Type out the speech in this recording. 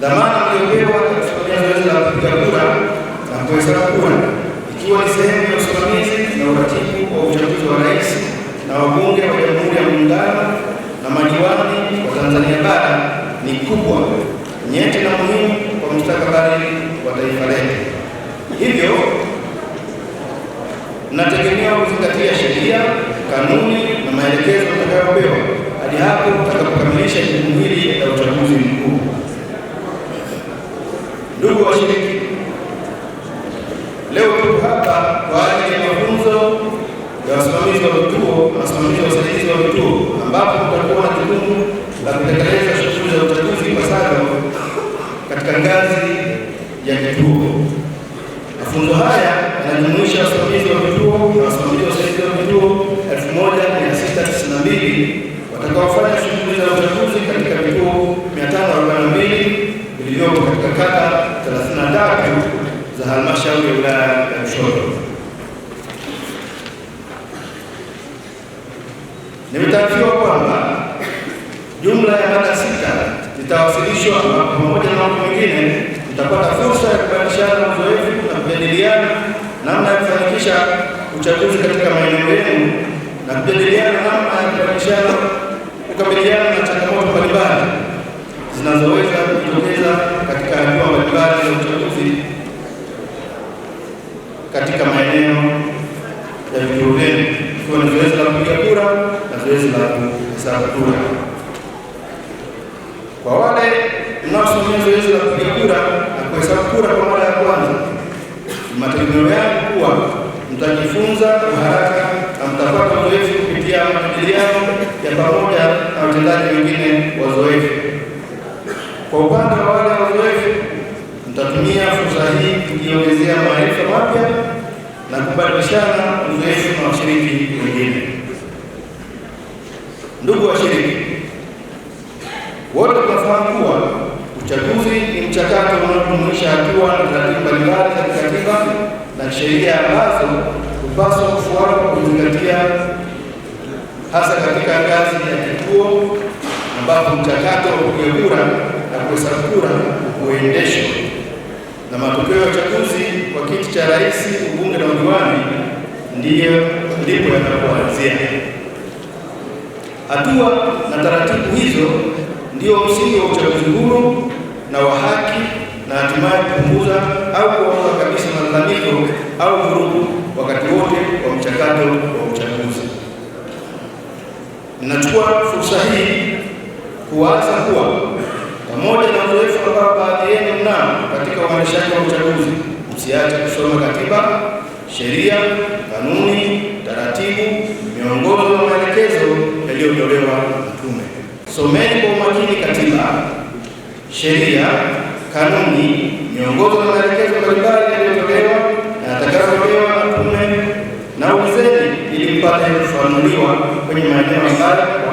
dhamana mliopewa katika zoezi la kupiga kura na kuhesabu kuwa ikiwa ni sehemu ya usimamizi na uratibu wa uchaguzi wa rais na wabunge wa Jamhuri ya Muungano na madiwani wa Tanzania Bara ni kubwa, nyeti na muhimu kwa mustakabali wa taifa letu. Hivyo nategemea kuzingatia sheria, kanuni na maelekezo utakayopewa hadi hapo tutakapokamilisha jukumu hili. Ndugu washiriki, leo tuko hapa kwa ajili ya mafunzo ya wasimamizi wa vituo na wasimamizi wa usaidizi wa vituo, ambapo tutakuwa na jukumu la kutekeleza shughuli za uchaguzi ipasavyo katika ngazi ya vituo Mafunzo haya yanajumuisha wasimamizi wa vituo na wasimamizi wa usaidizi wa vituo elfu moja halmashauri ya wilaya ya Lushoto. Nimetaarifiwa kwamba jumla ya mada sita zitawasilishwa pamoja na mambo mengine, mtapata fursa ya kubadilishana uzoefu na kujadiliana namna ya kufanikisha uchaguzi katika maeneo yenu na kujadiliana namna ya kubadilishana kukabiliana na changamoto mbalimbali zinazoweza katika maeneo ya vitoreni kwa ni zoezi la kupiga kura na zoezi la kuhesabu kura. Kwa wale mnaosimamia zoezi la kupiga kura na kuhesabu kura kwa mara ya kwanza, mategemeo yangu kuwa mtajifunza kwa haraka na mtapata uzoefu kupitia majadiliano ya pamoja na watendaji wengine wazoefu. Kwa upande wa wale wazoefu, mtatumia fursa hii kujiongezea maarifa mapya na kubadilishana uzoefu na washiriki wengine. Ndugu washiriki wote, tunafahamu kuwa uchaguzi ni mchakato unaojumuisha hatua na taratibu mbalimbali za kikatiba na sheria ambazo hupaswa kufuatwa kuzingatia, hasa katika ngazi ya kituo ambapo mchakato wa kupiga kura na kuhesabu kura huendeshwa na matokeo ya uchaguzi kwa kiti cha rais diwani ndiyo ndipo yanapoanzia. Hatua na taratibu hizo ndio msingi wa uchaguzi huru na wa haki na hatimaye kupunguza au kuondoa kabisa malalamiko au vurugu wakati wote wa mchakato wa uchaguzi. Ninachukua fursa hii kuwaasa kuwa pamoja na uzoefu ambao baadhi yenu mnao katika uendeshaji wa uchaguzi, msiache kusoma katiba sheria, kanuni, taratibu, miongozo na maelekezo yaliyotolewa Mtume. Someni kwa umakini katiba, sheria, kanuni, miongozo na maelekezo mbalimbali yaliyotolewa na yatakayotolewa Mtume na uzeni ili mpate kufanuliwa kwenye maeneo ambayo